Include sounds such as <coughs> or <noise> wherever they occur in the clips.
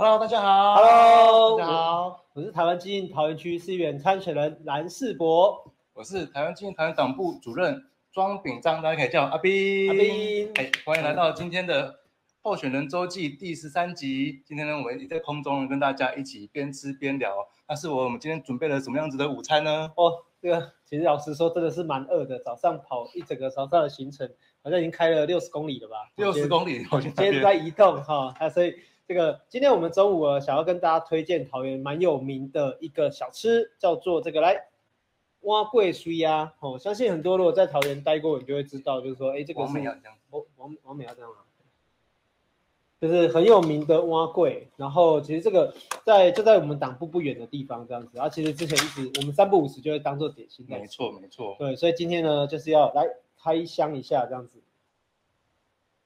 Hello，大家好。Hello，大家好。我是，我是台灣基進桃園區議員參選人藍士博。我是台灣基進桃園黨部主任莊秉璋，大家可以叫我阿彬。阿彬斌，歡迎來到今天的候選人週記第十三集。今天呢，我們也在空中跟大家一起邊吃邊聊。但是我，我們今天準備了什麼樣子的午餐呢？哦，這個其實老實說，真的是蠻餓的。早上跑一整個早上的行程，好像已經開了六十公里了吧？六十公里，我今天我在移動哈對、哦，所以。這個今天我們中午啊，想要跟大家推薦桃園蠻有名的一個小吃，叫做這個來碗粿瑞仔啊。哦，相信很多如果在桃園待過，你就會知道，就是說，哎，這個是王王美阿這樣，這樣、啊、就是很有名的碗粿，然後其實這個在就在我們黨部不遠的地方這樣子。然、啊、後其實之前一直我們三不五時就會當做點心，沒錯沒錯，沒錯對，所以今天呢就是要來開箱一下這樣子。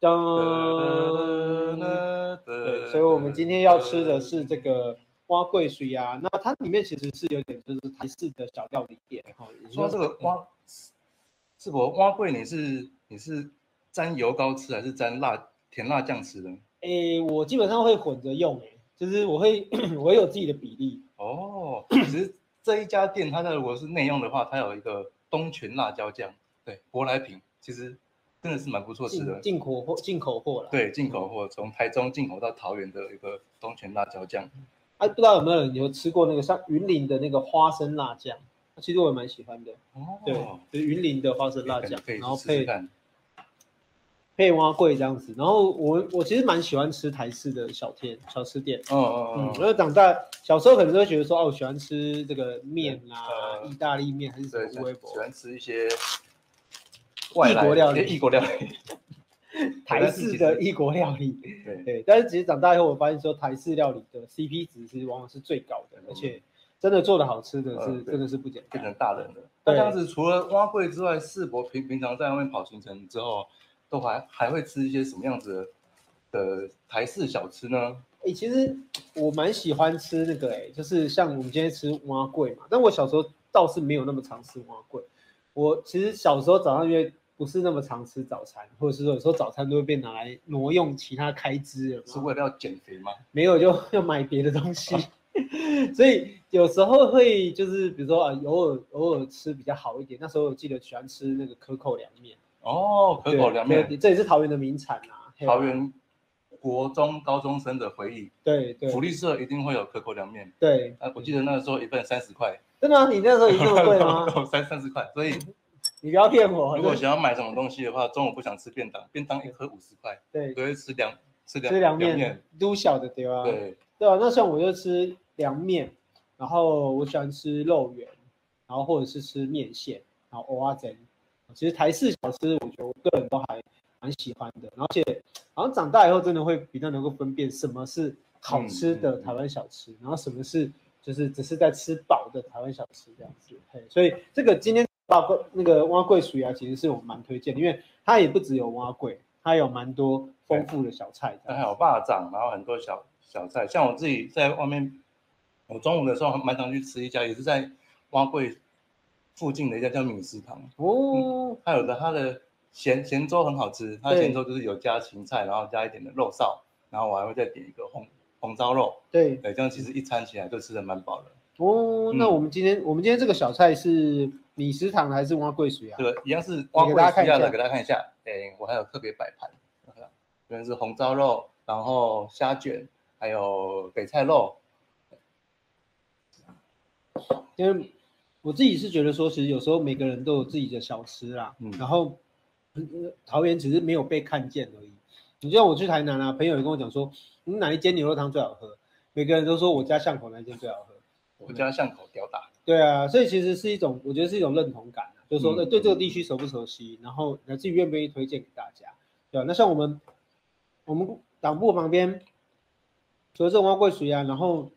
噔， <noise> 對，所以我們今天要吃的是這個碗粿水鴨、啊，那它裡面其實是有點就是台式的小料理店哈。說這個碗，嗯、是我，碗粿，你是你是沾油膏吃還是沾辣甜辣醬吃的？誒、欸，我基本上會混着用誒、欸，就是我會 <coughs> 我會有自己的比例。哦，其實這一家店，它的如果是內用的話，它有一個東泉辣椒醬，對，舶來品，其實。真的是蠻不錯吃的，進，進口貨，進口貨了。對，進口貨，嗯、從台中進口到桃園的一個東泉辣椒醬。哎、啊，不知道有沒有人有吃過那個像雲林的那個花生辣醬？其實我也蠻喜歡的。哦。對，就是、雲林的花生辣醬，吃吃然後配配碗粿這樣子。然後我我其實蠻喜歡吃台式的小店小吃店。哦哦，哦嗯。我為長大小時候可能都會覺得說，哦、啊，我喜歡吃這個麵啊，嗯、啊意大利麵還是什麼博？對，喜歡吃一些。異國料理，異、欸、國料理， <laughs> 台式的異國料理，對，對，對，但是其實長大以後，我發現說台式料理的 CP 值，是往往是最高的，嗯、而且真的做的好吃的是，呃、真的是不簡單變成大人的那這樣子，對除了碗粿之外，士博平平常在外面跑行程之後，都還還會吃一些什麼樣子的台式小吃呢？哎、欸，其實我蠻喜歡吃那個哎、欸，就是像我們今天吃碗粿嘛，但我小時候倒是沒有那麼常吃碗粿。我其實小時候早上因為不是那麼常吃早餐，或者是說有時候早餐都會被拿來挪用其他開支了。是為了要減肥嗎？沒有，就要買別的東西。 <laughs> 所以有時候會就是比如說啊，偶爾偶爾吃比較好一點。那時候我記得喜歡吃那個可口涼麵。哦，對可口涼麵，這也是桃園的名產啊。桃園吧國中高中生的回憶。對對。對，福利社一定會有可口涼麵。對，對。啊，我記得那時候一份三十塊。真的？你那時候一定會嗎？三三十塊，所以。你不要騙我。如果想要買什麼東西的話，對中午不想吃便當，便當一盒五十塊，對，可以吃涼吃吃涼面都對吧？啊，對對啊，那時候我就吃涼麵，然後我喜歡吃肉圓，然後或者是吃麵線，然後蚵仔煎。其實台式小吃，我覺得我個人都還蠻喜歡的，而且好像長大以後真的會比較能夠分辨什麼是好吃的台灣小吃，嗯嗯、然後什麼是就是只是在吃飽的台灣小吃這樣子，嗯。所以這個今天。那個蛙桂水啊，其實是我們蠻推薦，因為它也不只有碗粿，它有蠻多豐富的小菜，還有巴掌，然後很多小小菜。像我自己在外面，我中午的時候還蠻常去吃一家，也是在碗粿附近的一家叫米食堂。哦，還、嗯、有的它的鹹鹹粥很好吃，它的鹹粥就是有加芹菜，然後加一點的肉臊，然後我還會再點一個紅紅燒肉。對，對，這樣其實一餐起來就吃得飽的蠻飽了。哦，那我們今天、嗯、我們今天這個小菜是。你食堂的還是碗粿瑞啊？對，一樣是碗粿瑞啊！來給大家看一下。哎、欸，我還有特別擺盤，原是紅燒肉，然後蝦捲，還有北菜肉。因為我自己是覺得說，其實有時候每個人都有自己的小吃啦。嗯。然後桃園只是沒有被看見而已。你像我去台南啊，朋友也跟我講說，你、嗯、哪一間牛肉湯最好喝？每個人都說我家巷口那一間最好喝。我家巷口屌打。對啊，所以其實是一種，我覺得是一種認同感啊，就是說對這個地區熟不熟悉，嗯，然後來自己願不願意推薦給大家，對啊，那像我們我們黨部旁邊，除了這種碗粿瑞啊，然後，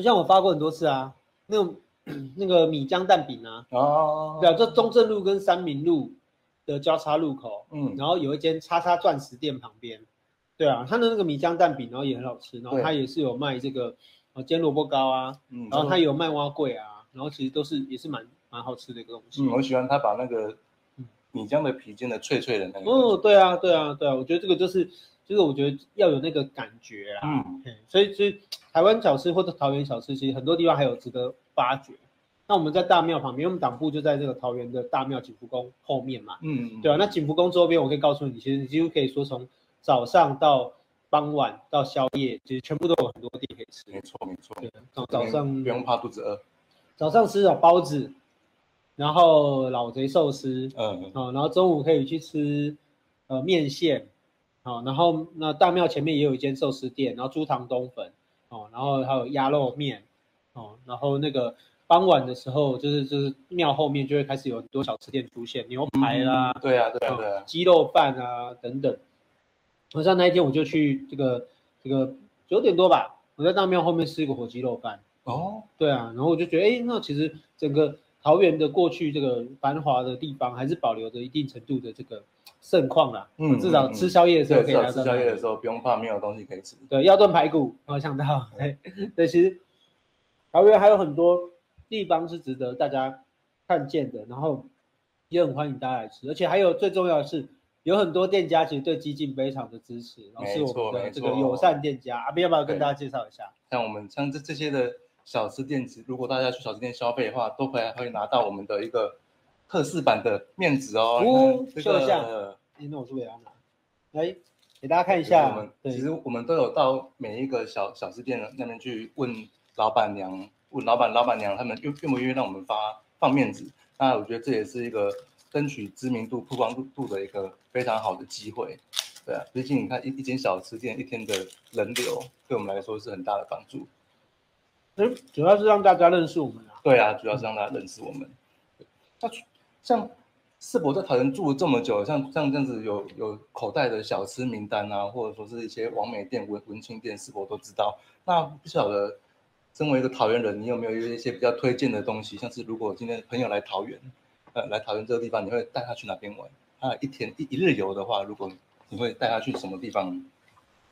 像我發過很多次啊，那種那個米漿蛋餅啊，哦、哦、哦、哦，對啊，就中正路跟三民路的交叉路口，嗯，然後有一間叉叉鑽石店旁邊，對啊，他的那個米漿蛋餅然後也很好吃，然後他也是有賣這個。煎蘿蔔糕啊，嗯、然後它有賣碗粿啊，嗯、然後其實都是也是蠻蠻好吃的一個東西。嗯，我喜歡它把那個米漿的皮煎的脆脆的那個。哦，對啊，對啊，對啊，我覺得這個就是就是我覺得要有那個感覺啊。嗯，所以所以台灣小吃或者桃園小吃，其實很多地方還有值得發掘。那我們在大廟旁邊，我們黨部就在這個桃園的大廟景福宮後面嘛。嗯，嗯對啊，那景福宮周邊我可以告訴你，其實你幾乎可以說從早上到傍晚到宵夜，其實全部都有很多店可以吃。沒錯，沒錯。早早上不用怕肚子餓，早上吃了包子，然後老賊壽司，嗯，然後中午可以去吃、呃、麵線，然後那大廟前面也有一間壽司店，然後豬腸冬粉，然後還有鴨肉麵，然後那個傍晚的時候，就是就是廟後面就會開始有很多小吃店出現，嗯、牛排啦、對啊，對啊，對啊，雞肉飯啊等等。晚上那一天我就去這個這個九點多吧，我在大廟後面吃一個火雞肉飯。哦，對啊，然後我就覺得，哎、欸，那其實整個桃園的過去這個繁華的地方，還是保留着一定程度的這個盛況啦，嗯。嗯，嗯，至少吃宵夜的時候可以來。吃宵夜的時候不用怕沒有東西可以吃。對，要燉排骨。沒有想到、嗯，對，對，其實桃園還有很多地方是值得大家看見的，然後也很歡迎大家來吃，而且還有最重要的是。有很多店家其實對基進非常的支持，然後錯是我們的這個友善店家，阿秉要不要跟大家介紹一下？像我們像這這些的小吃店子，如果大家去小吃店消費的話，都可以會拿到我們的一個特製版的面紙哦。哇、嗯，這個，相呃、欸、那我是不是也要拿？來給大家看一下，我們對其實我們都有到每一個小小吃店的那邊去問老闆娘，問老闆、老闆娘他們願不願意讓我們發放面紙。那我覺得這也是一個。爭取知名度曝光度的一個非常好的機會，對啊，畢竟你看一一間小吃店一天的人流，對我們來說是很大的幫助。哎，主要是讓大家認識我們，對啊，主要是讓大家認識我們。嗯、那像士博在桃園住了這麼久，像像這樣子有有口袋的小吃名單啊，或者說是一些網美店、文文青店，士博都知道。那不曉得，身為一個桃園人，你有沒有一些比較推薦的東西？像是如果今天朋友來桃園。呃，來討論這個地方，你會帶他去哪邊玩？他、啊、一天一一日遊的話，如果你會帶他去什麼地方？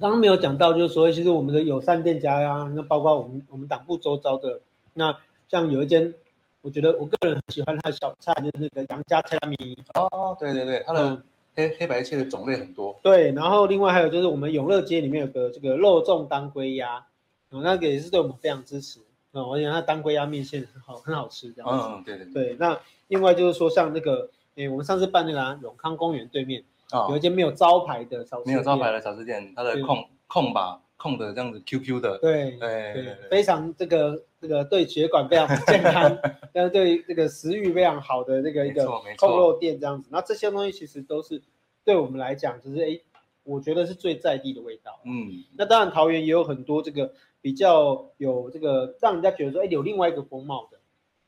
剛剛沒有講到，就是說，其實我們的友善店家呀、啊，那包括我們我們黨部周遭的，那像有一間，我覺得我個人很喜歡他的小菜，就是那個楊家菜米。哦對對對，他的黑、嗯、黑白切的種類很多。對，然後另外還有就是我們永樂街裡面有個這個肉粽當歸鴨，啊、嗯，那個也是對我們非常支持。我、嗯、而且它當歸鴨麵線很好很好吃這樣子，嗯，對對對，對。那另外就是說，像那個誒、欸，我們上次辦那個、啊，永康公園對面，啊、哦，有一間沒有招牌的小吃，沒有招牌的小吃店，它的控對控吧控的這樣子 QQ 的，對，對對對，對，非常這個這個對血管非常健康， <laughs> 但是對這個食欲非常好的那個一個控肉店這樣子，那這些東西其實都是對我們來講，就是誒、欸，我覺得是最在地的味道、啊。嗯，那當然桃園也有很多這個。比較有這個，讓人家覺得說，哎、欸，有另外一個風貌的、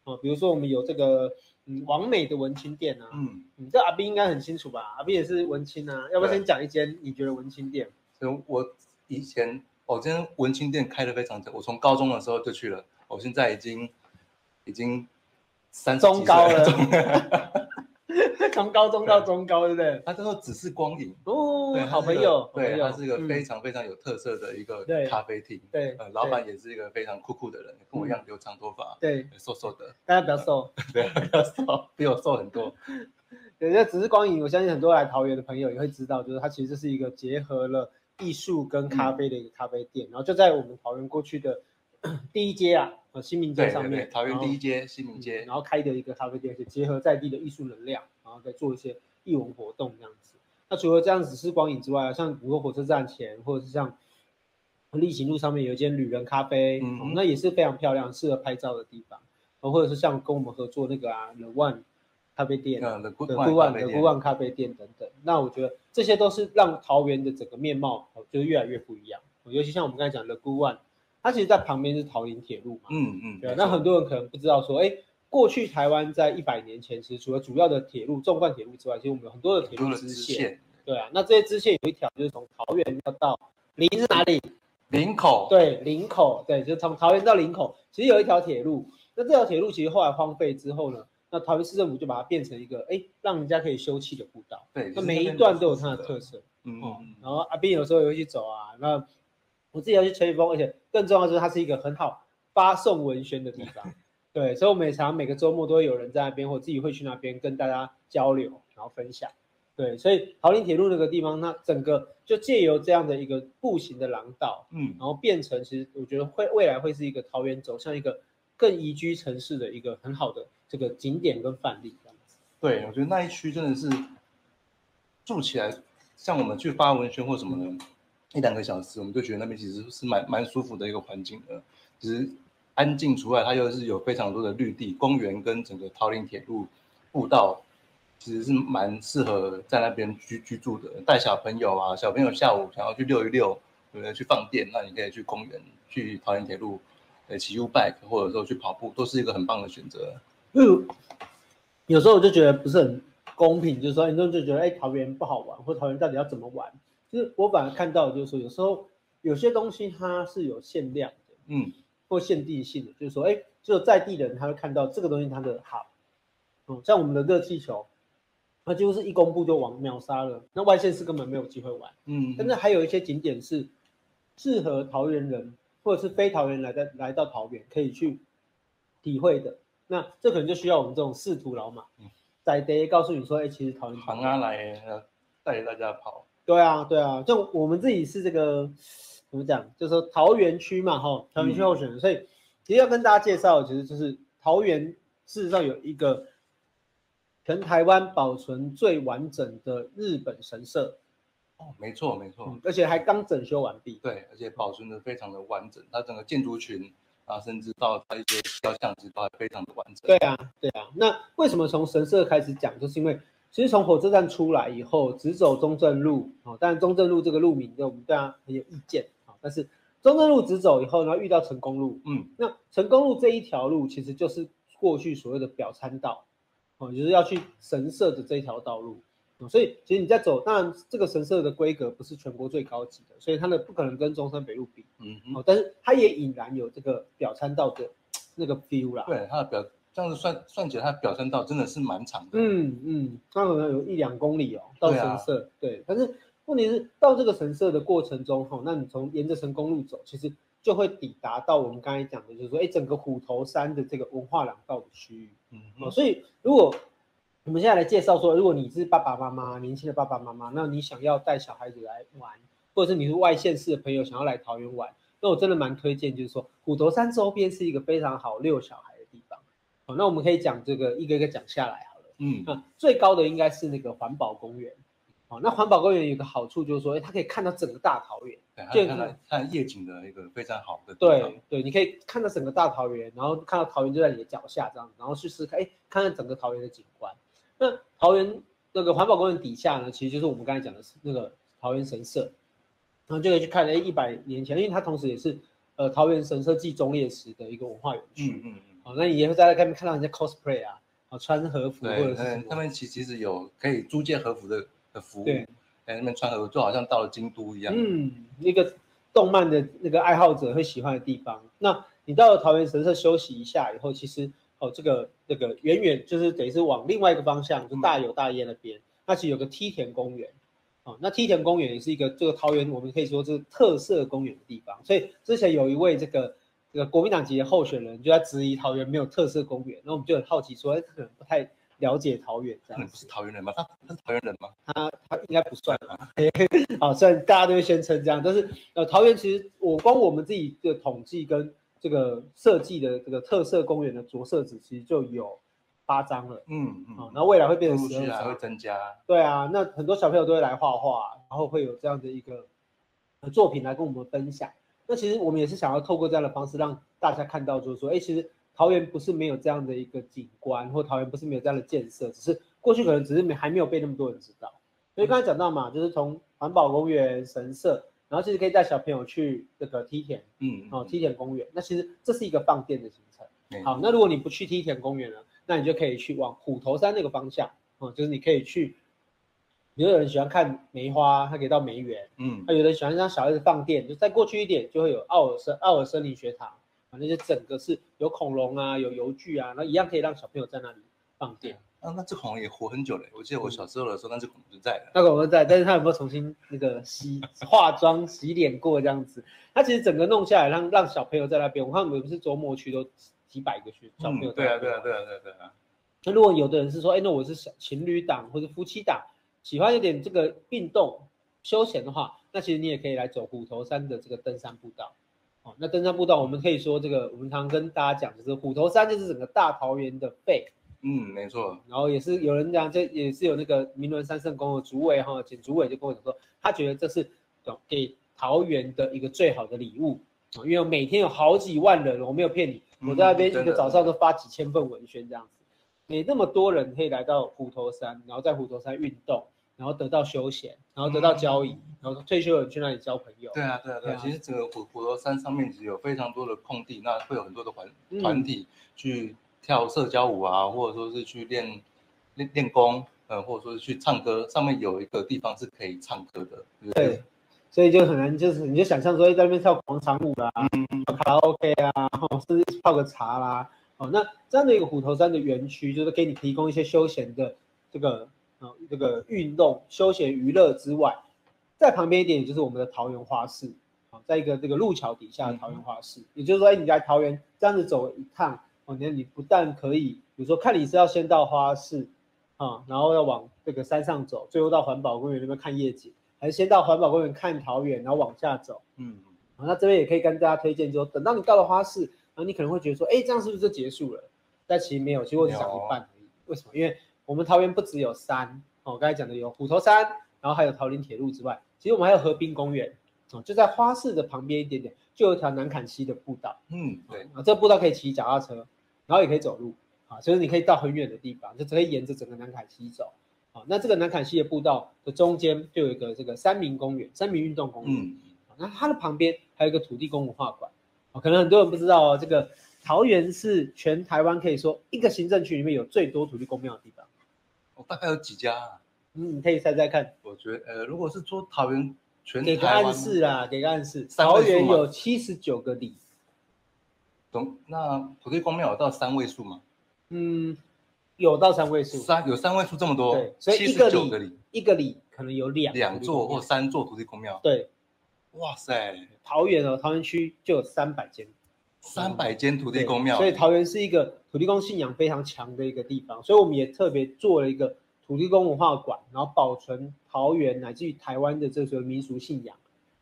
呃，比如說我們有這個，嗯，王美的文青店啊，嗯嗯，你這阿斌應該很清楚吧？阿斌也是文青啊，對要不然先講一間你覺得文青店？所以我以前、哦，我今天文青店開的非常久，我從高中的時候就去了，嗯、我現在已經已經三十幾歲中高了。中 <laughs> 從高中到中高，對不對？他說只是光影哦，好朋友。對，他是一個非常非常有特色的一個咖啡廳。對，呃，老闆也是一個非常酷酷的人，跟我一樣留長頭髮，對，瘦瘦的，大家不要瘦，對，不要瘦，比我瘦很多。對，這只是光影。我相信很多來桃園的朋友也會知道，就是它其實是一個結合了藝術跟咖啡的一個咖啡店，然後就在我們桃園過去的。第一街啊，呃，新民街上面，桃園第一街新民街，然後開的一個咖啡店，是結合在地的藝術能量，然後再做一些藝文活動這樣子。那除了這樣子是光影之外，像比如說火車站前，或者是像力行路上面有一間旅人咖啡，那也是非常漂亮、適合拍照的地方。或者是像跟我們合作那個啊，The One 咖啡店，The Good One The Good One 咖啡店等等，那我覺得這些都是讓桃園的整個面貌就越來越不一樣。尤其像我們剛才講 The Good One。它其實，在旁邊是桃林鐵路嘛，嗯嗯，對、啊、嗯，那很多人可能不知道，說，對哎，過去台灣在一百年前，其實除了主要的鐵路縱貫鐵路之外，其實我們有很多的鐵路支線，支線，對啊。那這些支線有一條，就是從桃園要到林是哪裡？林口。對，林口。對，就從桃園到林口，其實有一條鐵路。那這條鐵路其實後來荒廢之後呢，那桃園市政府就把它變成一個，哎，讓人家可以休憩的步道。對，那每一段都有它的特色。嗯嗯。嗯嗯，然後阿斌有時候也會去走啊，那。我自己要去吹風，而且更重要的是它是一個很好發送文宣的地方， <laughs> 對，所以我每場，每個週末都會有人在那邊，我自己會去那邊跟大家交流，然後分享，對，所以桃林鐵路那個地方，那整個就藉由這樣的一個步行的廊道，嗯，然後變成其實我覺得會未來會是一個桃園走向一個更宜居城市的一個很好的這個景點跟範例樣，對，我覺得那一區真的是住起來，像我們去發文宣或什麼的。一兩個小時，我們就覺得那邊其實是蠻蠻舒服的一個環境，的，其實安靜除外，它又是有非常多的綠地、公園跟整個桃林鐵路步道，其實是蠻適合在那邊居居住的。帶小朋友啊，小朋友下午想要去遛一遛，對、就是，去放電，那你可以去公園、去桃園鐵路，呃，騎 U bike 或者說去跑步，都是一個很棒的選擇。嗯，有時候我就覺得不是很公平，就是說，民眾就覺得，哎，桃園不好玩，或桃園到底要怎麼玩？其實我本來看到的就是說，有時候有些東西它是有限量的。嗯，或限定性的，嗯、就是說，哎、欸，只有在地的人他會看到這個東西它的好，嗯，像我們的熱氣球，那幾乎是一公布就往秒殺了，那外縣市根本沒有機會玩，嗯，嗯，但是還有一些景點是適合桃園人或者是非桃園來的來到桃園可以去體會的，那這可能就需要我們這種識途老馬，嗯、在地告訴你說，哎、欸，其實桃園來的。行啊，來，來帶着大家跑。對啊，對啊，就我們自己是這個怎麼講？就是，說桃園區嘛，哈，哦，桃園區候選人。嗯、所以其實要跟大家介紹的，其實就是桃園事實上有一個全台灣保存最完整的日本神社。哦，沒錯沒錯，嗯、對而且還剛整修完畢。對，而且保存的非常的完整，它整個建築群啊，甚至到它一些雕像，其實都還非常的完整。對啊，對啊。那為什麼從神社開始講？就是因為。其實從火車站出來以後，直走中正路哦，當然中正路這個路名，我們對它很有意見啊、哦。但是中正路直走以後，然後遇到成功路，嗯，那成功路這一條路其實就是過去所謂的表參道哦，就是要去神社的這一條道路、哦。所以其實你在走，當然這個神社的規格不是全國最高級的，所以它的不可能跟中山北路比，嗯哼、哦、但是它也依然有這個表參道的那個 feel 啦，對它的表。這樣子算算起來，它，表參道真的是蠻長的。嗯嗯，它可能有一兩公里哦，到神社。對，啊、對，但是問題是到這個神社的過程中，哈、哦，那你從沿着成功路走，其實就會抵達到我們剛才講的，就是說，哎，整個虎頭山的這個文化廊道的區域。嗯哼。哦，所以如果我們現在來介紹說，如果你是爸爸媽媽，年輕的爸爸媽媽，那你想要帶小孩子來玩，或者是你是外縣市的朋友想要來桃園玩，那我真的蠻推薦，就是說虎頭山周邊是一個非常好遛小孩。哦，那我們可以講這個一個一個講下來好了。嗯，那最高的應該是那個環保公園。哦，那環保公園有個好處就是說，哎、欸，它可以看到整個大桃園，對，看夜景的一個非常好的地方。對對，你可以看到整個大桃園，然後看到桃園就在你的腳下這樣，然後去試試看，哎、欸，看看整個桃園的景觀。那桃園那個環保公園底下呢，其實就是我們剛才講的那個桃園神社，然後就可以去看了。一一百年前，因為它同時也是呃桃園神社暨忠烈祠的一個文化園區。嗯。嗯。哦，那你也會在那看，看到人家 cosplay 啊，哦，穿和服或者是他們其其實有可以租借和服的的服務，對在那邊穿和服，就好像到了京都一樣。嗯，那個動漫的那個愛好者會喜歡的地方。那你到了桃園神社休息一下以後，其實哦這個這個遠遠就是等於是往另外一個方向，就大有大業那邊，嗯、那其實有個梯田公園，哦那梯田公園也是一個這個桃園我們可以說就是特色公園的地方。所以之前有一位這個。這個國民黨籍的候選人就在質疑桃園沒有特色公園，那我們就很好奇說，哎，他可能不太了解桃園這樣。他不是桃園人嗎？他是桃園人嗎？他他應該不算吧？好、 <laughs> 哦，雖然大家都會宣稱這樣，但是呃，桃園其實我光我們自己的統計跟這個設計的這個特色公園的着色紙，其實就有八張了。嗯嗯。嗯哦、然後未來會變成十二，才會增加。對啊，那很多小朋友都會來畫畫，然後會有這樣的一個作品來跟我們分享。那其實我們也是想要透過這樣的方式，讓大家看到，就是說，哎，其實桃園不是沒有這樣的一個景觀，或桃園不是沒有這樣的建設，只是過去可能只是還沒有被那麼多人知道。嗯、所以剛才講到嘛，就是從環保公園、神社，然後其實可以帶小朋友去這個梯田，嗯、嗯、嗯，哦，梯田公園。那其實這是一個放電的行程。嗯嗯好，那如果你不去梯田公園了，那你就可以去往虎頭山那個方向，哦、嗯，就是你可以去。比如有的人喜歡看梅花，他可以到梅園，嗯，他、啊、有的喜歡讓小孩子放電，就再過去一點就會有奧爾森奧爾森林學堂，反正就整個是有恐龍啊，有遊具啊，那一樣可以讓小朋友在那裡放電。啊，那這恐龍也活很久嘞，我記得我小時候的時候，嗯、那隻恐龍在的。那恐龍在，但是他有沒有重新那個洗化妝、洗臉過這樣子？他 <laughs> 其實整個弄下來讓讓小朋友在那邊，我看我們不是週末去都幾百個去小朋友、嗯。對啊，對啊，對啊，對啊，對啊。那如果有的人是說，哎、欸，那我是小情侶檔或者夫妻檔？喜歡有點這個運動休閒的話，那其實你也可以來走虎頭山的這個登山步道。哦，那登山步道我們可以說這個，我們常，常跟大家講，就是虎頭山就是整個大桃園的肺。嗯，沒錯。然後也是有人講，這也是有那個明倫三聖宮的主委哈，前主委就跟我講說，他覺得這是給桃園的一個最好的禮物。哦，因為我每天有好幾萬人，我沒有騙你，我在那邊一個早上都發幾千份文宣這樣子，你、嗯、那麼多人可以來到虎頭山，然後在虎頭山運動。然後得到休閒，然後得到交易，嗯、然後退休人去那裡交朋友。對啊，對啊，對啊。其實整個虎虎頭山上面其實有非常多的空地，嗯、那會有很多的團團體去跳社交舞啊，嗯、或者說是去練練練功、呃，或者說是去唱歌。上面有一個地方是可以唱歌的，是不是？對，所以就可能就是你就想象說在那邊跳廣場舞啦、啊，嗯、卡拉 OK 啊，或者甚至泡個茶啦。哦，那這樣的一個虎頭山的園區，就是給你提供一些休閒的這個。哦、這個運動、休閒娛樂之外，在旁邊一點也就是我們的桃園花市、哦、在一個這個陸橋底下的桃園花市，嗯嗯也就是說，欸、你在桃園這樣子走一趟、哦、你看你不但可以，比如說看你是要先到花市、哦、然後要往這個山上走，最後到環保公園那邊看夜景，還是先到環保公園看桃園，然後往下走，嗯，嗯、哦、那這邊也可以跟大家推薦，就等到你到了花市，然、啊、後你可能會覺得說，哎、欸，這樣是不是就結束了？但其實沒有，其實我只講一半而已，嗯嗯、為什麼？因為我們桃園不只有山哦，我剛才講的有虎頭山，然後還有桃林鐵路之外，其實我們還有河濱公園哦，就在花市的旁邊一點點，就有一條南崁溪的步道。嗯，對啊，哦、這個步道可以騎腳踏車，然後也可以走路啊，所以你可以到很遠的地方，就直接沿着整個南崁溪走、啊。那這個南崁溪的步道的中間就有一個這個三民公園，三民運動公園。嗯，那、哦、它的旁邊還有一個土地公文化館、哦。可能很多人不知道哦，這個桃園是全台灣可以說一個行政區裡面有最多土地公廟的地方。我大概有幾家、啊，嗯，你可以猜猜看。我覺得，呃，如果是說桃園全給，給個暗示，給個暗示。桃園有七十九個里。懂？那土地公廟有到三位數嗎？嗯，有到三位數。三，有三位數這麼多。所以七十九個里，一個里一個里可能有兩兩座或三座土地公廟。對。哇塞！桃園哦，桃園區就有三百間，三百間土地公廟、嗯。所以桃園是一個，土地公信仰非常強的一個地方，所以我們也特別做了一個土地公文化館，然後保存桃園乃至於台灣的這個民俗信仰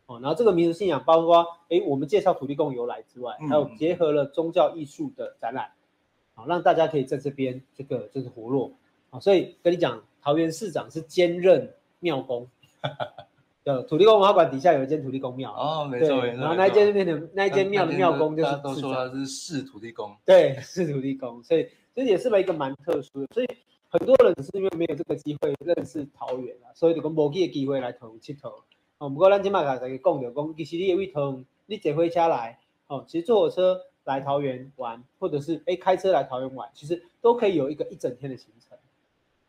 哦。然後這個民俗信仰包括誒、欸，我們介紹土地公由來之外，還有結合了宗教藝術的展覽，嗯嗯嗯，好讓大家可以在這邊這個就是活絡啊。所以跟你講，桃園市長是兼任廟公。 <laughs> 有土地公文化館底下有一間土地公廟哦，沒錯對沒錯，然後那一間廟錯的那間廟的廟公就是四，都說他是四土地公，對，是土地公，所以這也是一個蠻特殊的，所以很多人是因為沒有這個機會認識桃園啊，所以就用某一個機會來投去投。哦、嗯，不過蘭金瑪卡才去供的供，其實你也可以投，你只回家來，哦、嗯，其實坐火車來桃園玩，或者是哎開車來桃園玩，其實都可以有一個一整天的行程，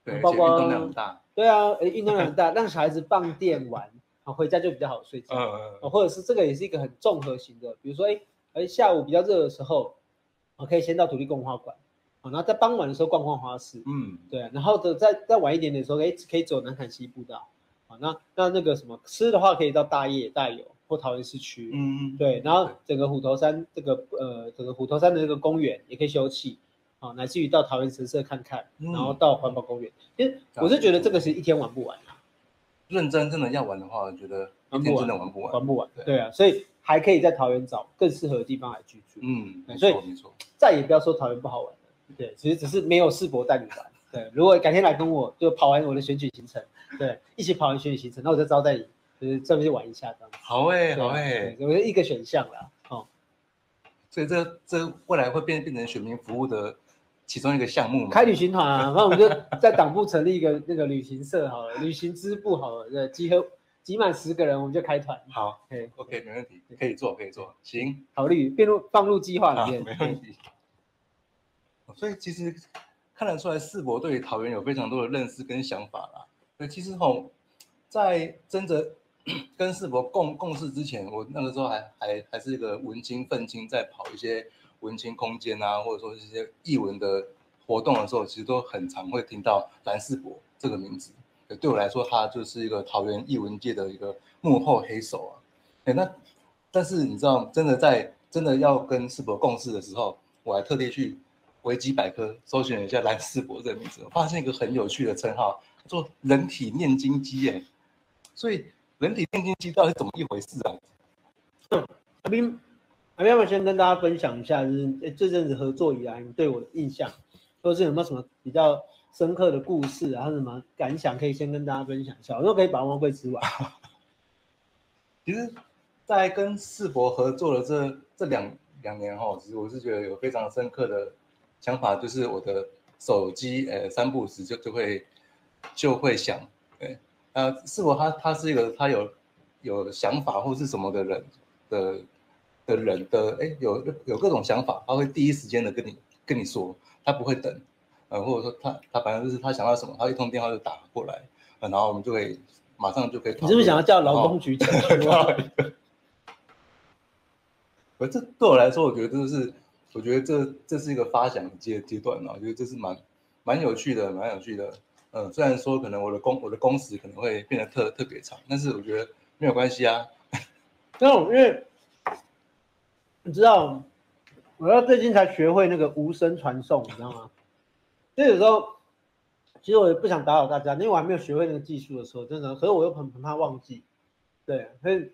對，觀光括，量很大，對啊，哎，運動量很大，讓小孩子放電玩。 <laughs> 啊，回家就比較好睡覺，啊，uh, uh, uh, 或者是這個也是一個很綜合型的，比如說，哎、欸，而、欸、下午比較熱的時候，我可以先到土地公文化館，啊，那在傍晚的時候逛逛花市，嗯，對、啊，然後的再再晚一點點的時候，哎、欸，可以走南崁溪步道，啊、嗯，那那那個什麼吃的話可以到大業大有或桃園市區，嗯嗯，對，然後整個虎頭山這個，呃，整個虎頭山的這個公園也可以休憩，啊，乃至於到桃園神社看看，然後到環保公園，其實、嗯、我是覺得這個是一天玩不完。嗯嗯認真真的要玩的話，我覺得一天真的玩不完。玩不完對。對啊，所以還可以在桃園找更適合的地方來居住。嗯，所以對沒錯，以沒錯，再也不要說桃園不好玩了。對，其實只是沒有士博帶你玩。 <laughs> 對，如果改天來跟我就跑完我的選舉行程，對，一起跑完選舉行程，那 <laughs> 我再招待你，就是這邊玩一下，這樣。好哎，好哎，這邊、就是、一個選項啦。哦、嗯。所以這這未來會變變成選民服務的。其中一個項目，開旅行團啊， <laughs> 那我們就在黨部成立一個那個旅行社好了， <laughs> 旅行支部好了，呃，集合集滿十個人，我們就開團。好，OK，OK，沒問題，可以做嘿，可以做，行，考慮列入放入計劃裡面，啊、沒問題。嘿所以其實看得出來士博對桃園有非常多的認識跟想法啦。對，其實吼，在曾哲跟士博共共事之前，我那個時候還還還是一個文青憤青，在跑一些。文青空間啊，或者說一些藝文的活動的時候，其實都很常會聽到藍士博這個名字。對我來說，他就是一個桃園藝文界的一個幕後黑手啊。哎、欸，那但是你知道，真的在真的要跟士博共事的時候，我還特地去維基百科搜尋了一下藍士博這個名字，我發現一個很有趣的稱號，做人體念經機哎。所以人體念經機到底是怎麼一回事啊？阿斌、嗯。阿有喵，先跟大家分享一下，就是誒，這陣子合作以來，你對我的印象，或者是有沒有什麼比較深刻的故事、啊，還是什麼感想，可以先跟大家分享一下，我都可以把握龜吃完。其實，在跟士博合作的這這兩兩年哈、哦，其實我是覺得有非常深刻的想法，就是我的手機、呃、三步時就就會就會響，誒，啊、呃，士博他他是一個他有有想法或是什麼的人的。的人的哎，有有各種想法，他會第一時間的跟你跟你說，他不會等，呃、嗯，或者說他他反正就是他想到什麼，他一通電話就打過來，嗯、然後我們就可以馬上就可以。你是不是想要叫勞工局打電話？對我來說，我覺得這、就是，我覺得這這是一個發想階階段嘛、啊，我覺得這是蠻蠻有趣的，蠻有趣的。嗯，雖然說可能我的工我的工時可能會變得特特別長，但是我覺得沒有關係啊。那我、嗯、因為。你知道，我要最近才學會那個無聲傳送，你知道嗎？所以 <laughs> 有時候，其實我也不想打擾大家，因為我還沒有學會那個技術的時候，真的，所以我又很很怕忘記。對，所以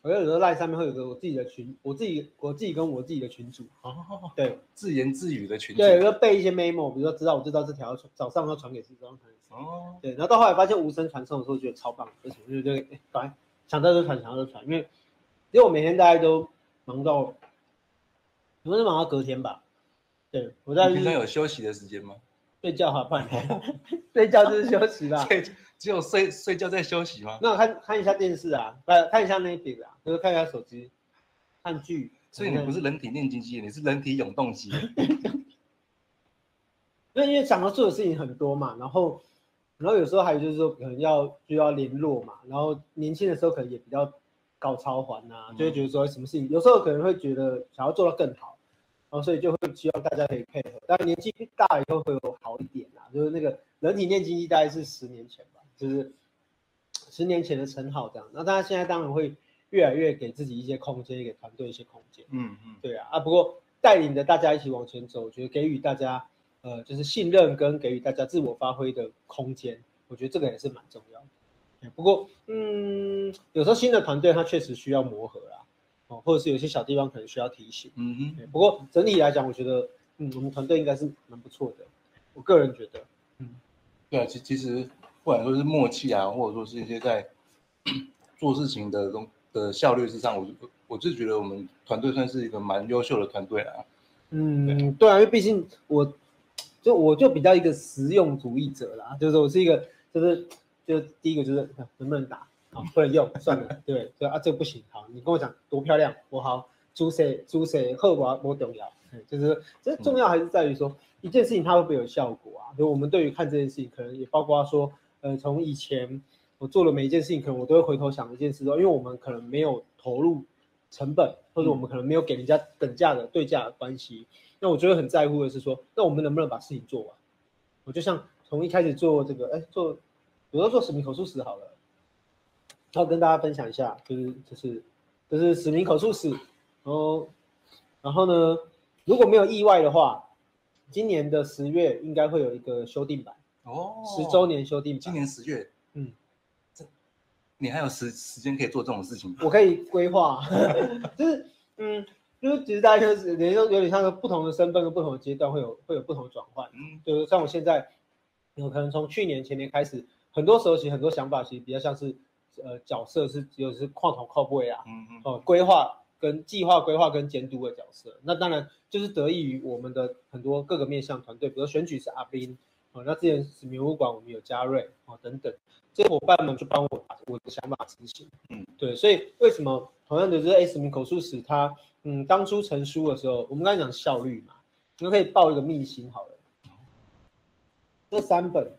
我就有時候 Line 上面會有個我自己的群，我自己我自己跟我自己的群組，哦、對，自言自語的群組。對，我要背一些 memo，比如說知道我知道這條早上要傳給誰，早上傳給哦，對，然後到後來發現無聲傳送的時候，覺得超棒，而且我就覺得哎、欸，想到就傳想到就傳，因為因為我每天大家都忙到。你不是忙到隔天吧？對，我在你平常有休息的時間嗎？睡覺好半天， <laughs> 睡覺就是休息了 <laughs> 睡只有睡睡覺在休息嗎？那我看看一下電視啊，呃，看一下 Netflix 啊，就是看一下手機，看劇。所以你不是人體念經機，你是人體永動機。那因為想要做的事情很多嘛，然後，然後有時候還有就是說可能要需要聯絡嘛，然後年輕的時候可能也比較。搞超環啊，就會覺得說什麼事情，嗯、有時候可能會覺得想要做到更好，然、啊、後所以就會希望大家可以配合。但年紀大以後會有好一點啊，就是那個人體念經機大概是十年前吧，就是十年前的稱號這樣。那大家現在當然會越來越給自己一些空間，給團隊一些空間。嗯嗯，嗯對啊啊。不過帶領着大家一起往前走，我覺得給予大家呃就是信任，跟給予大家自我發揮的空間，我覺得這個也是蠻重要的。不過，嗯，有時候新的團隊他確實需要磨合啊，哦，或者是有些小地方可能需要提醒，嗯嗯哼。不過整體來講，我覺得，嗯，我們團隊應該是蠻不錯的，我個人覺得，嗯。對啊，其其實不管說是默契啊，或者說是一些在做事情的中的效率之上，我就我就覺得我們團隊算是一個蠻優秀的團隊啦。嗯，對啊，因為畢竟我就我就比較一個實用主義者啦，就是我是一個就是。就第一個就是能不能打，好、哦、不能用，算了， <laughs> 對對？啊，這個不行，好，你跟我講多漂亮，我好，注射注射效果我動要、嗯、就是這、就是、重要還是在於說一件事情它會不會有效果啊？嗯、就我們對於看這件事情，可能也包括說，呃，從以前我做了每一件事情，可能我都會回頭想一件事情，因為我們可能沒有投入成本，或者我們可能沒有給人家等價的對價的關係。嗯、那我覺得很在乎的是說，那我們能不能把事情做完？我就像從一開始做這個，哎，做。比如說做史明口述史好了，然後跟大家分享一下，就是就是就是史明口述史，然後然後呢，如果沒有意外的話，今年的十月應該會有一個修訂版哦，十周年修訂版，今年十月，嗯，這你還有時時間可以做這種事情，我可以規劃， <laughs> <laughs> 就是嗯，就是其實大家就是人，都有點像個不同的身份和不同的階段，會有會有不同的轉換，嗯，就是像我現在有可能從去年前年開始。很多時候其實很多想法其實比較像是，呃，角色是有是跨頭跨位啊，嗯嗯，哦，規劃跟計劃、規劃跟監督的角色。那當然就是得益於我們的很多各個面向團隊，比如選舉是阿斌，哦，那之前史明文物館我們有嘉瑞，哦等等，這些伙伴們就幫我把我的想法執行。嗯，對，所以為什麼同樣的就是史明口述史，他嗯，當初成書的時候，我們剛才講效率嘛，你們可以報一個秘辛好了，這三本。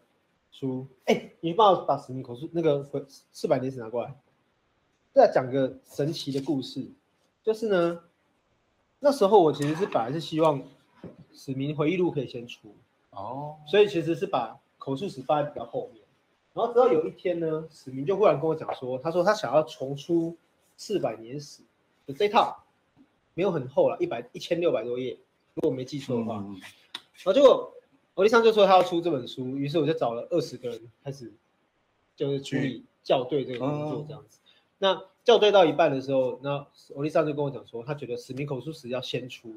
說哎、欸，你幫我把史明口述那個《四四百年史》拿過來。再講個神奇的故事，就是呢，那時候我其實是本來是希望《史明回憶錄》可以先出，哦，所以其實是把口述史放在比較後面。然後直到有一天呢，史明就忽然跟我講說，他說他想要重出《四百年史》就這一套，沒有很厚啦，一百一千六百多頁，如果我沒記錯的話。嗯、然後結果。歐麗桑就說他要出這本書，於是我就找了二十個人開始，就是處理校對這個工作這樣子。哦、那校對到一半的時候，那歐麗桑就跟我講說，他覺得《史明口述史》要先出，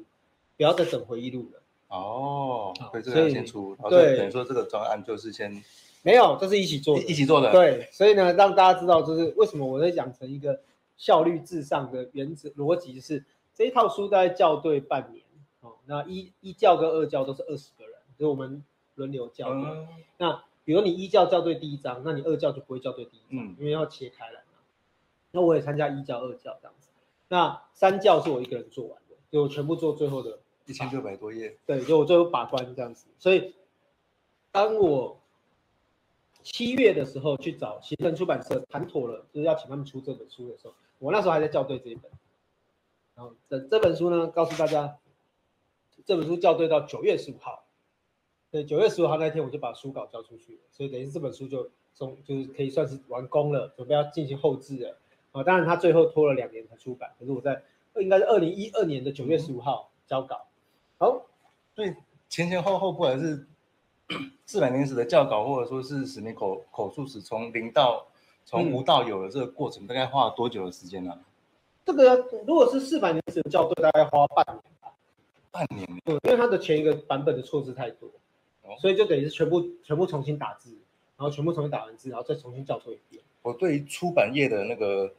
不要再等回憶錄了。哦，所以這個要先出，對，哦、等於說這個專案就是先沒有，這是一起做的，一,一起做的。對，所以呢，讓大家知道就是為什麼我在講成一個效率至上的原則邏輯，就是這一套書大概校對半年哦，那一一校跟二校都是二十。就我們輪流校對，嗯、那比如你一校校對第一章，那你二校就不會校對第一章，嗯、因為要切開來嘛。那我也參加一校二校這樣子，那三校是我一個人做完的，就我全部做最後的，一千六百多頁。對，就我最後把關這樣子。所以當我七月的時候去找行人出版社談妥了，就是要請他們出這本書的時候，我那時候還在校對這一本。然後這這本書呢，告訴大家，這本書校對到九月十五號。對，九月十五號那天，我就把書稿交出去，所以等於是這本書就從，就是可以算是完工了，準備要進行後制了啊、哦。當然，他最後拖了兩年才出版。可是我在應該是二零一二年的九月十五號交稿，嗯、好，所以前前後後不管是四百 <coughs> 年史的校稿，或者說是史明口口述史從零到從無到有的這個過程，嗯、大概花了多久的時間呢、啊？這個如果是四百年史的校對，大概花半年吧。半年。對、嗯，因為它的前一個版本的錯字太多。所以就等於是全部全部重新打字，然後全部重新打完字，然後再重新校對一遍。我對於出版業的那個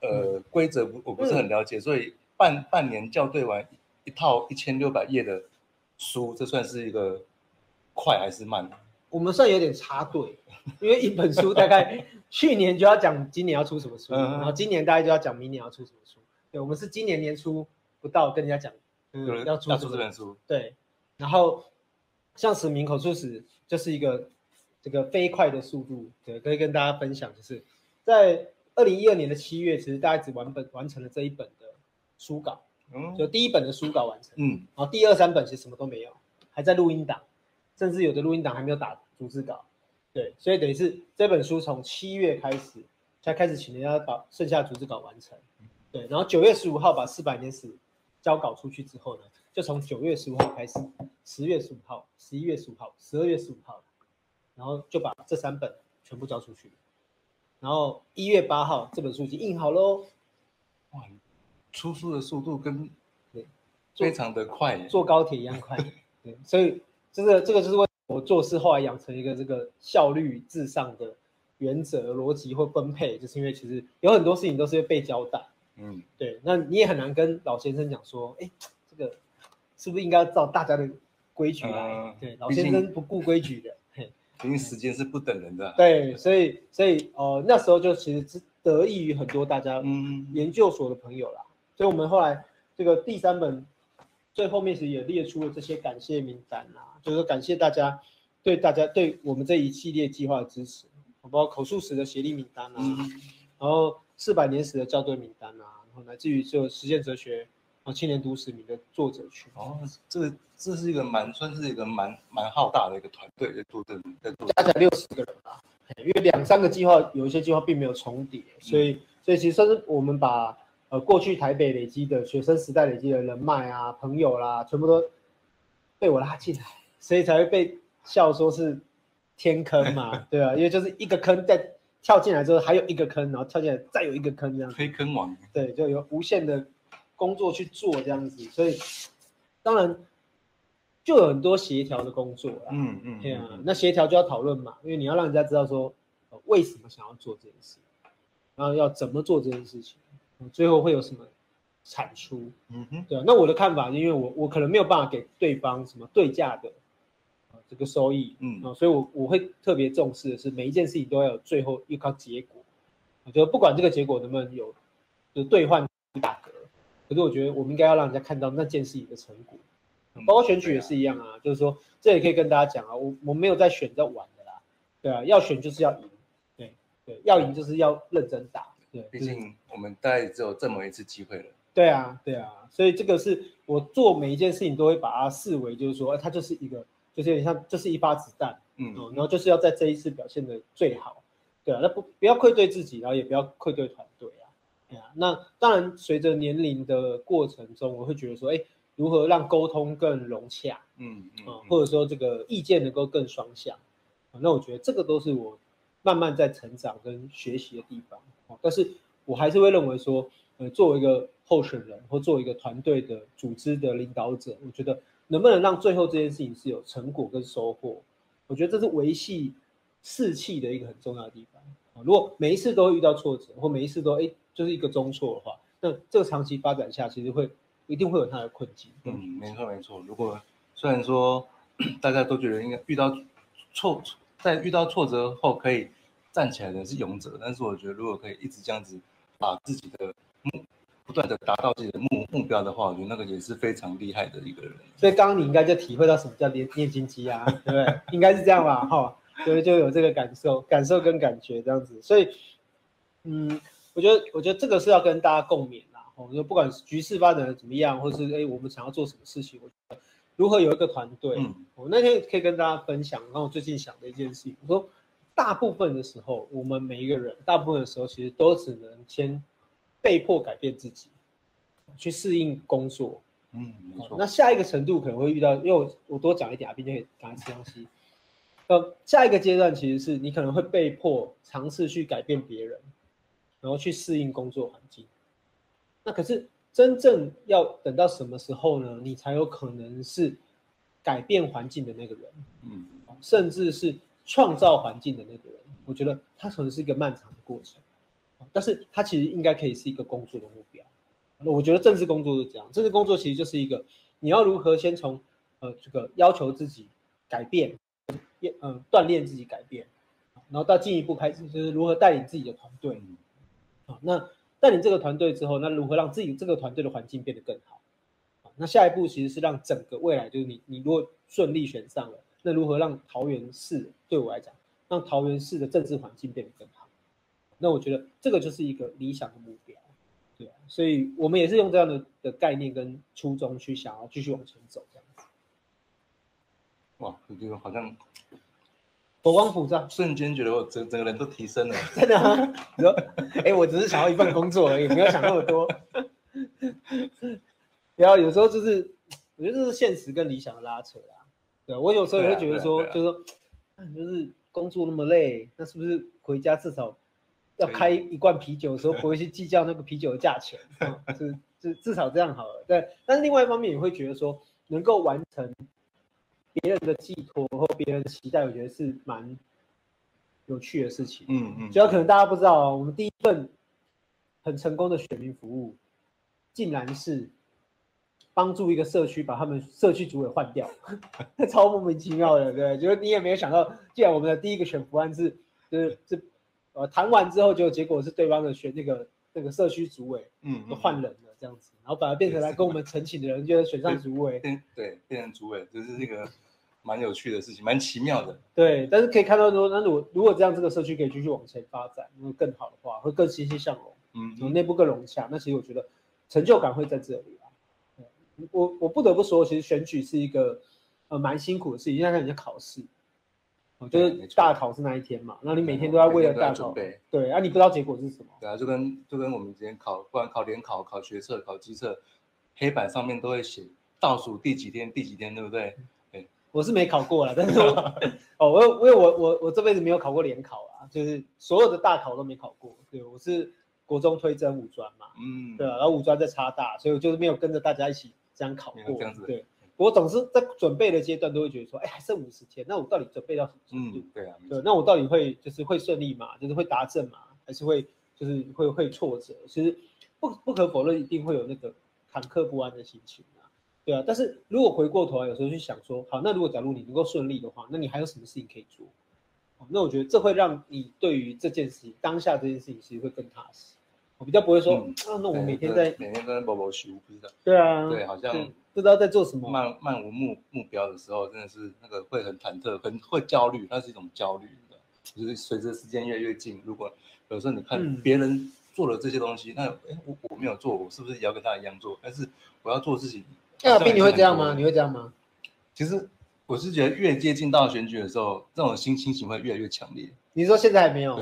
呃、嗯、規則不我不是很了解，所以半半年校對完一，一套一千六百頁的書，這算是一個快還是慢？我們算有點插隊，因為一本書大概去年就要講，今年要出什麼書， <laughs> 然後今年大概就要講明年要出什麼書。嗯、對，我們是今年年初不到跟人家講有人要出要出這本書，嗯、書對，然後。像《史明口述史》就是一個這個飛快的速度，對，可以跟大家分享，就是在二零一二年的七月，其實大家只完本完成了這一本的書稿，嗯，就第一本的書稿完成，嗯，然後第二三本其實什麼都沒有，還在錄音檔，甚至有的錄音檔還沒有打逐字稿，對，所以等於是這本書從七月開始才開始請人家把剩下逐字稿完成，對，然後九月十五號把四百年史交稿出去之後呢，就從九月十五號開始，十月十五號、十一月十五號、十二月十五號，然後就把這三本全部交出去，然後一月八號這本書就印好嘍。哇，出書的速度跟，對，非常的快，坐高鐵一樣快。對 <laughs> 所以這個這個就是為我做事後來養成一個這個效率至上的原則邏輯或分配，就是因為其實有很多事情都是被交代。嗯，對，那你也很難跟老先生講說，哎，這個。是不是應該照大家的規矩來？啊、對，老先生不顧規矩的，因為竟對時間是不等人的、啊。對，所以所以哦、呃，那時候就其實是得益於很多大家，嗯，研究所的朋友啦。嗯、所以，我們後來這個第三本最後面其實也列出了這些感謝名單啊，就是說感謝大家對大家對我們這一系列計劃的支持，包括口述史的協力名單啊，嗯、然後四百年史的校對名單啊，然後來自於就實踐哲學。青年讀史明的作者群哦，這這是一個蠻算是一個蠻蠻浩大的一個團隊在做這，在做這加起來六十個人吧。嗯、因為兩三個計劃，有一些計劃並沒有重疊，所以所以其實算是我們把呃過去台北累積的學生時代累積的人脈啊、朋友啦、啊，全部都被我拉進來，所以才會被笑說是天坑嘛， <laughs> 對啊，因為就是一個坑，再跳進來之後還有一個坑，然後跳進來再有一個坑這樣，推坑網對就有無限的。工作去做這樣子，所以當然就有很多協調的工作啦。嗯嗯，對啊。那協調就要討論嘛，因為你要讓人家知道說、呃、為什麼想要做這件事，然後要怎麼做這件事情，呃、最後會有什麼產出。嗯哼，嗯對，那我的看法是，因為我我可能沒有辦法給對方什麼對價的、呃、這個收益，嗯、呃、所以我我會特別重視的是每一件事情都要有最後一個結果。我覺得不管這個結果能不能有，就兌換打個。可是我覺得我們應該要讓人家看到那件事情的成果，包括選舉也是一樣啊。就是說，這也可以跟大家講啊，我我沒有在選擇玩的啦。對啊，要選就是要贏，對對，要贏就是要認真打。對，畢竟我們大概只有這麼一次機會了。對啊，對啊，所以這個是我做每一件事情都會把它視為，就是說，它就是一個，就是像就是一發子彈，嗯，然後就是要在這一次表現得最好。對啊，那不不要愧對自己，然後也不要愧對團隊。Yeah, 那當然，隨着年齡的過程中，我會覺得說，哎，如何讓溝通更融洽？嗯，嗯，嗯，或者說這個意見能夠更雙向，那我覺得這個都是我慢慢在成長跟學習的地方。但是，我還是會認為說，呃，作為一個候選人或作為一個團隊的組織的領導者，我覺得能不能讓最後這件事情是有成果跟收穫？我覺得這是維繫士氣的一個很重要的地方。如果每一次都會遇到挫折，或每一次都哎，誒就是一個中挫的話，那這個長期發展下去，其實會一定會有它的困境。嗯，沒錯沒錯。如果雖然說大家都覺得應該遇到挫在遇到挫折後可以站起來的是勇者，但是我覺得如果可以一直這樣子把自己的目不斷的達到自己的目目標的話，我覺得那個也是非常厲害的一個人。所以剛剛你應該就體會到什麼叫念念經機啊， <laughs> 對不對？應該是這樣吧，哈。所以就有這個感受、感受跟感覺這樣子。所以，嗯。我覺得，我覺得這個是要跟大家共勉啦。我、哦、說，就不管是局勢發展的怎麼樣，或是誒我們想要做什麼事情，我覺得如何有一個團隊。我、嗯哦、那天可以跟大家分享，然後我最近想的一件事情，我說，大部分的時候，我們每一個人，大部分的時候，其實都只能先被迫改變自己，去適應工作。嗯，沒錯、哦。那下一個程度可能會遇到，因為我，我多講一點，畢竟講一吃東西、呃。下一個階段其實是你可能會被迫嘗試去改變別人。然後去適應工作環境，那可是真正要等到什麼時候呢？你才有可能是改變環境的那個人，嗯，甚至是創造環境的那個人。我覺得它可能是一個漫長的過程，但是它其實應該可以是一個工作的目標。我覺得政治工作是這樣，政治工作其實就是一個你要如何先從呃這個要求自己改變，嗯、呃，鍛鍊自己改變，然後到進一步開始就是如何帶領自己的團隊。那，帶領這個團隊之後，那如何讓自己這個團隊的環境變得更好？那下一步其實是讓整個未來，就是你，你如果順利選上了，那如何讓桃園市對我來講，讓桃園市的政治環境變得更好？那我覺得這個就是一個理想的目標，對啊，所以我們也是用這樣的的概念跟初衷去想要繼續往前走，這樣子。哇，這個好像。佛光普照，瞬間覺得我整整個人都提升了， <laughs> 真的、啊。你說，哎、欸，我只是想要一份工作而已， <laughs> 沒有想那麼多。然 <laughs> 後有時候就是，我覺得這是現實跟理想的拉扯啦。對，我有時候也會覺得說，啊啊啊、就是說、嗯，就是工作那麼累，那是不是回家至少要開一罐啤酒的時候，不會以去計較那個啤酒的價錢，至至、 <laughs> 嗯、至少這樣好了，對。但是另外一方面，也會覺得說，能夠完成。別人的寄托和別人的期待，我覺得是蠻有趣的事情。嗯嗯，嗯，主要可能大家不知道、啊，我們第一份很成功的選民服務，竟然是幫助一個社區把他們社區主委換掉， <laughs> 超莫名其妙的，對，就是你也沒有想到，既然我們的第一個選服案是，就是是呃談、啊、完之後，結果結果是對方的選那個那個社區主委都嗯，嗯，換人了，這樣子。然後把它變成來跟我們陳情的人，對就在選上主委，對，對變成主委，就是這個蠻有趣的事情，蠻奇妙的。對，但是可以看到說，那如果如果這樣，這個社區可以繼續往前發展，那更好的話，會更欣欣向榮，嗯，內部更融洽。嗯、哼那其實我覺得成就感會在這裡啊。我我不得不說，其實選舉是一個呃蠻辛苦的事情，就像人家考試。就是大考是那一天嘛，然後、啊、你每天都要為了大考準備，對，啊、你不知道結果是什麼。對啊，就跟就跟我們之前考，不管考聯考、考學測、考基測，黑板上面都會寫倒數第幾天、第幾天，對不對？哎，我是沒考過了，但是我， <laughs> 哦，我因為我我我這輩子沒有考過聯考啊，就是所有的大考都沒考過。對，我是國中推甄五專嘛，嗯，對啊，然後五專再插大，所以我就是沒有跟着大家一起這樣考過，這樣子，對。我總是在準備的階段都會覺得說，哎、欸，還剩五十天，那我到底準備到什麼程度？嗯、對啊，對，沒錯。那我到底會就是會順利嗎？就是會達成嗎？還是會就是會會挫折？其實不不可否認，一定會有那個坎坷不安的心情啊，對啊。但是如果回過頭來，有時候去想說，好，那如果假如你能夠順利的話，那你還有什麼事情可以做？那我覺得這會讓你對於這件事情當下這件事情其實會更踏實。我比較不會說，嗯、啊，那我每天在、嗯、每天在寶寶不知道。對啊，對，好像。不知道在做什麼，漫漫無目目標的時候，真的是那個會很忐忑，很會焦慮，那是一種焦慮。就是隨着時間越來越近，如果有時候你看別人做了這些東西，嗯、那、欸、我我沒有做，我是不是也要跟他一樣做？但是我要做自己。阿斌、啊，你會這樣嗎？你會這樣嗎？其實我是覺得越接近到選舉的時候，這，這種心心情會越來越強烈。你說現在還沒有？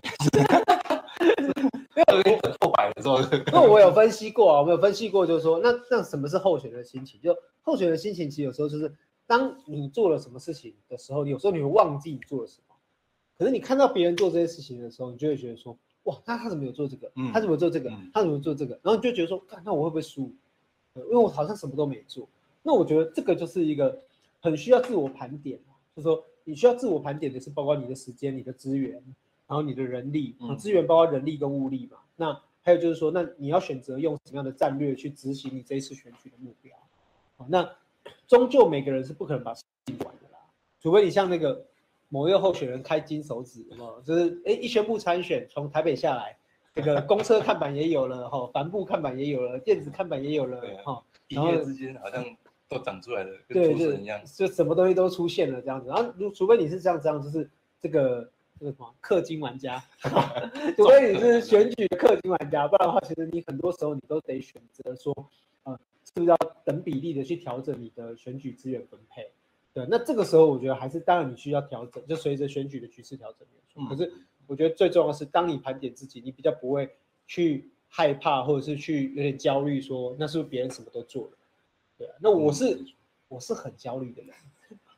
沒有。 <laughs> 那我有分析過啊，我有分析過，就是說，那那什麼是候選的心情？就候選的心情，其實有時候就是，當你做了什麼事情的時候，你有時候你會忘記你做了什麼，可是你看到別人做這些事情的時候，你就會覺得說，哇，那他怎麼有做這個？他怎麼做這個？嗯、他怎麼做這個？嗯、然後你就覺得說看，那我會不會輸？因為我好像什麼都沒做。那我覺得這個就是一個很需要自我盤點，就就是、說你需要自我盤點的是包括你的時間、你的資源，然後你的人力，嗯、資源包括人力跟物力嘛。那還有就是說，那你要選擇用什麼樣的戰略去執行你這一次選舉的目標？那終究每個人是不可能把事情完的啦，除非你像那個某一個候選人開金手指，有沒有就是誒一宣布參選，從台北下來，這個公車看板也有了，吼， <laughs> 帆布看板也有了，電子看板也有了，啊、後一夜之間好像都長出來了，跟出神一樣，就什麼東西都出現了這樣子，然後如除非你是這樣子，就是這個。這個什麼氪金玩家，Okay, <laughs> 所以你是選舉的氪金玩家，不然的話，其實你很多時候你都得選擇說、呃，是不是要等比例的去調整你的選舉資源分配？對，那這個時候我覺得還是，當然你需要調整，就隨着選舉的局勢調整。可是我覺得最重要的是，當你盤點自己，你比較不會去害怕，或者是去有點焦慮，說那是不是別人什麼都做了？對啊，那我是我是很焦慮的人。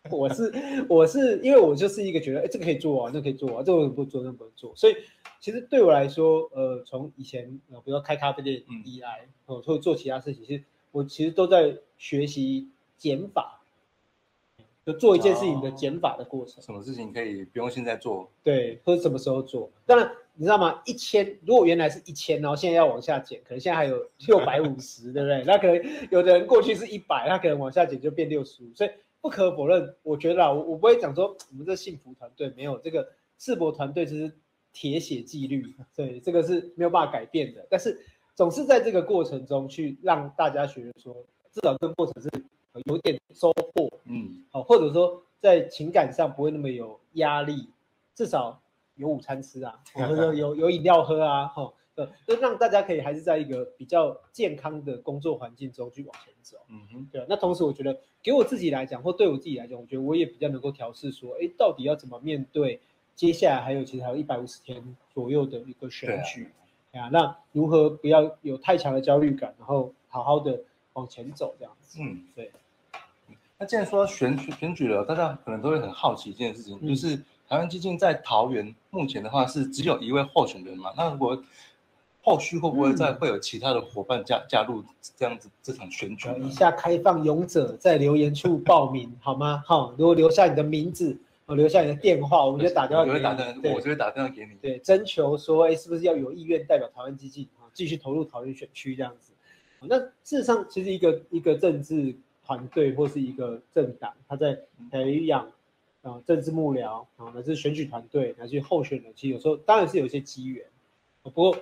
<laughs> 我是我是，因為我就是一個覺得，哎，這個可以做啊，那、這個、可以做啊，這個什麼不做，那、這、不、個做，這個、做。所以其實對我來說，呃，從以前呃，比如說開咖啡店以來，嗯、哦，或者做其他事情，其實我其實都在學習減法，就做一件事情的減法的過程。什麼事情可以不用現在做？對，或者什麼時候做？當然，你知道嗎？一千，如果原來是一千，然後現在要往下減，可能現在還有六百五十，對不對？那可能有的人過去是一百，那可能往下減就變六十五，所以。不可否認，我覺得我我不會講說我們這幸福團隊沒有這個士博團隊，其實鐵血紀律，對，這個是沒有辦法改變的。但是總是在這個過程中去讓大家學說，至少這個過程是有點收穫，嗯，好，或者說在情感上不會那麼有壓力，至少有午餐吃啊，有有飲料喝啊，吼。呃，對，讓大家可以還是在一個比較健康的工作環境中去往前走。嗯哼，對，那同時我覺得，給我自己來講，或對我自己來講，我覺得我也比較能夠調試說，哎，到底要怎麼面對接下來還有其實還有一百五十天左右的一個選舉，對啊，那如何不要有太強的焦慮感，然後好好的往前走這樣子。嗯，對。那既然說選舉選舉了，大家可能都會很好奇一件事情，嗯、就是台灣基進在桃園目前的話是只有一位候選人嘛？嗯、那我。後續會不會再會有其他的夥伴加、嗯、加入這樣子這場選舉？以下開放勇者在留言處報名 <laughs> 好嗎？好，如果留下你的名字，我留下你的電話，我們就打電話給。你會打我就會打電話給你。對，對，徵求說，哎，是不是要有意願代表台灣基進繼續投入桃園選區這樣子？那事實上，其實一個一個政治團隊或是一個政黨，他在培養啊政治幕僚啊，乃、呃、至選舉團隊乃至候選人，其實有時候當然是有一些機緣，呃、不過。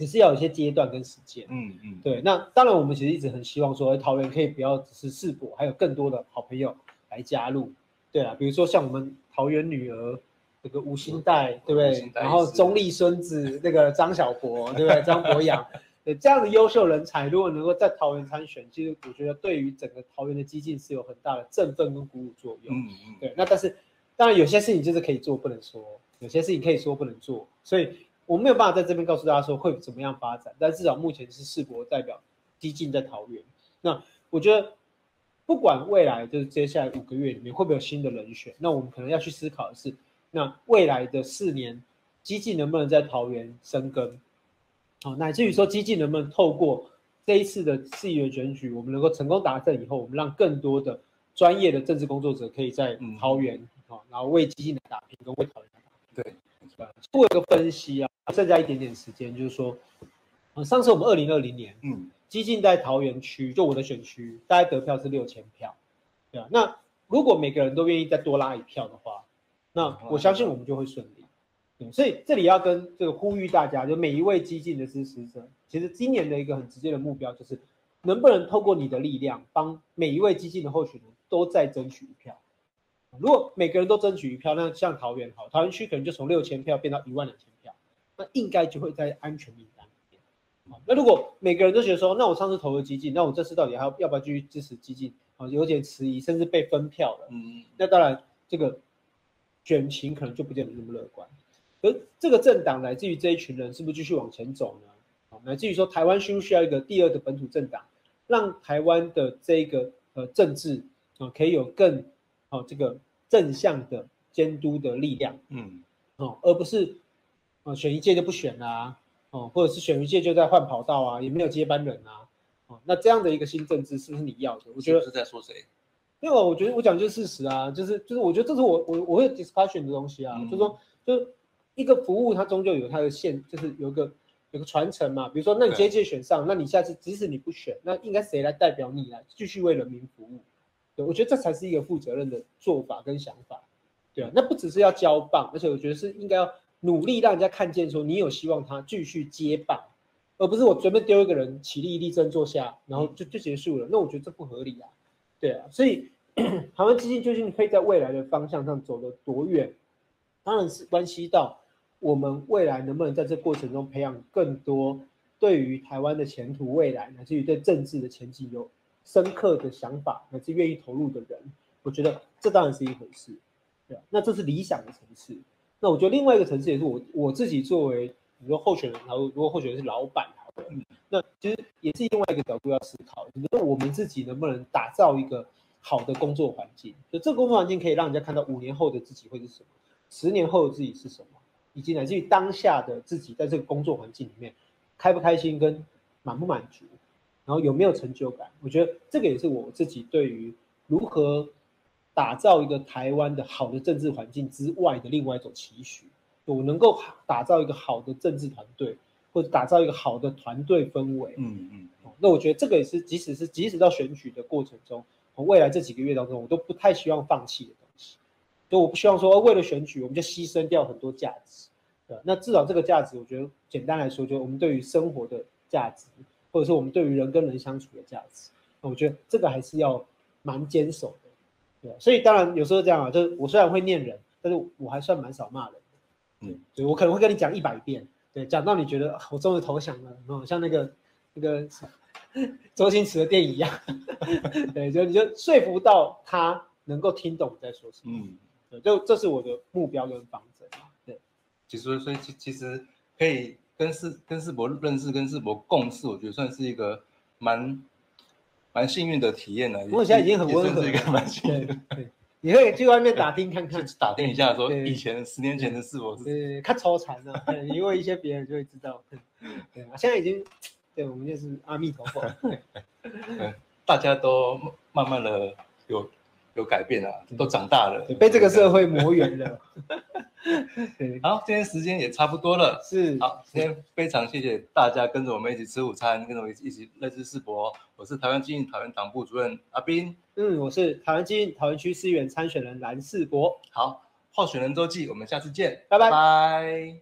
只是要有一些階段跟時間，嗯嗯，嗯對。那當然，我們其實一直很希望說，桃園可以不要只是士博，還有更多的好朋友來加入。對啊，比如說像我們桃園女兒那、這個吳欣岱，嗯、對不對？然後中壢孫子那個張小博， <laughs> 對不對？張博洋，對這樣的優秀人才，如果能夠在桃園參選，其實我覺得對於整個桃園的基進是有很大的振奮跟鼓舞作用。嗯嗯，嗯對。那但是，當然有些事情就是可以做不能說，有些事情可以說不能做，所以。我沒有辦法在這邊告訴大家說會怎麼樣發展，但至少目前是士博代表基進在桃園。那我覺得，不管未來就是接下來五個月裡面會不會有新的人選，那我們可能要去思考的是，那未來的四年，基進能不能在桃園生根？好、哦，乃至於說基進能不能透過這一次的市議員選舉，我們能夠成功達成以後，我們讓更多的專業的政治工作者可以在桃園，好、嗯哦，然後為基進的打拼，跟為桃園打拼對，做、啊、一個分析啊。剩下一點點時間，就是說，嗯、上次我們二零二零年，嗯，基進在桃園區，就我的選區，大概得票是六千票，對啊，那如果每個人都願意再多拉一票的話，那我相信我們就會順利。所以這裡要跟這個呼籲大家，就每一位基進的支持者，其實今年的一個很直接的目標就是，能不能透過你的力量，幫每一位基進的候選人，都再爭取一票。如果每個人都爭取一票，那像桃園好，桃園區可能就從六千票變到一萬兩千，那應該就會在安全名單裡面。那如果每個人都覺得說，那我上次投了基進，那我這次到底還要不要繼續支持基進？啊，有點遲疑，甚至被分票了。嗯，那當然，這個選情可能就不見得那麼樂觀。而這個政黨來自於這一群人，是不是繼續往前走呢？啊，乃至於說，台灣需不需要一個第二的本土政黨，讓台灣的這個政治可以有更好這個正向的監督的力量？嗯，哦，而不是。選一屆就不選啦，哦，或者是選一屆就在換跑道啊，也沒有接班人啊，那這樣的一個新政治是不是你要的？我覺得是在說誰？因為，我覺得我講的就是事實啊，就是就是我覺得這是我我我會 discussion 的東西啊，嗯、就是說就是、一個服務，它終究有它的線就是有個有個傳承嘛。比如說，那你這一屆選上，對那你下次即使你不選，那應該誰來代表你來繼續為人民服務？對，我覺得這才是一個負責任的做法跟想法。對啊，嗯、那不只是要交棒，而且我覺得是應該要。努力讓人家看見，說你有希望，他繼續接棒，而不是我隨便丟一個人起立立正坐下，然後就就結束了。那我覺得這不合理啊，對啊，所以台灣基進究竟可以在未來的方向上走得多遠，當然是關係到我們未來能不能在這過程中培養更多對於台灣的前途未來，乃至於對政治的前景有深刻的想法，乃至願意投入的人。我覺得這當然是一回事，對啊，那這是理想的層次。那我覺得另外一個層次也是我我自己作為比如候選人，然後如果候選人是老闆，嗯，那其實也是另外一個角度要思考，就是我們自己能不能打造一個好的工作環境，就這個工作環境可以讓人家看到五年後的自己會是什麼，十年後的自己是什麼，以及來自於當下的自己在這個工作環境裡面開不開心跟滿不滿足，然後有沒有成就感？我覺得這個也是我自己對於如何，打造一個台灣的好的政治環境之外的另外一種期許，我能夠打造一個好的政治團隊，或者打造一個好的團隊氛圍。嗯嗯，那我覺得這個也是，即使是即使到選舉的過程中，未來這幾個月當中，我都不太希望放棄的東西。就我不希望說，為了選舉我們就犧牲掉很多價值。那至少這個價值，我覺得簡單來說，就是我們對於生活的價值，或者說我們對於人跟人相處的價值，那我覺得這個還是要蠻堅守的。啊、所以當然有時候這樣啊，就是我雖然會念人，但是我還算蠻少罵人的。對。嗯、所對我可能會跟你講一百遍，對，講到你覺得、啊、我終於投降了，嗯、像那個那個周星馳的電影一樣。 <laughs> 對，就你就說服到他能夠聽懂你在說什麼。嗯對，就這是我的目標跟方針。對，其實所以其其實可以跟士跟士博認識，跟士博共事，我覺得算是一個蠻。蠻幸運的體驗呢，不過現在已經很溫和，對，你可以去外面打聽看看，打聽一下說以前十年前的事，我是，看超慘的，因為一些別人就會知道，對啊，現在已經，對我們就是阿彌陀佛，大家都慢慢的有。有改變了，都長大了，嗯、被這個社會磨圓了。 <laughs> 好，今天時間也差不多了，是。好，今天非常謝謝大家跟着我們一起吃午餐，是跟着我們一起來支持士博。我是台灣基進桃園黨部主任阿斌。嗯，我是台灣基進桃園區市議員參選人藍士博。好，候選人週記，我們下次見，拜拜 bye。Bye bye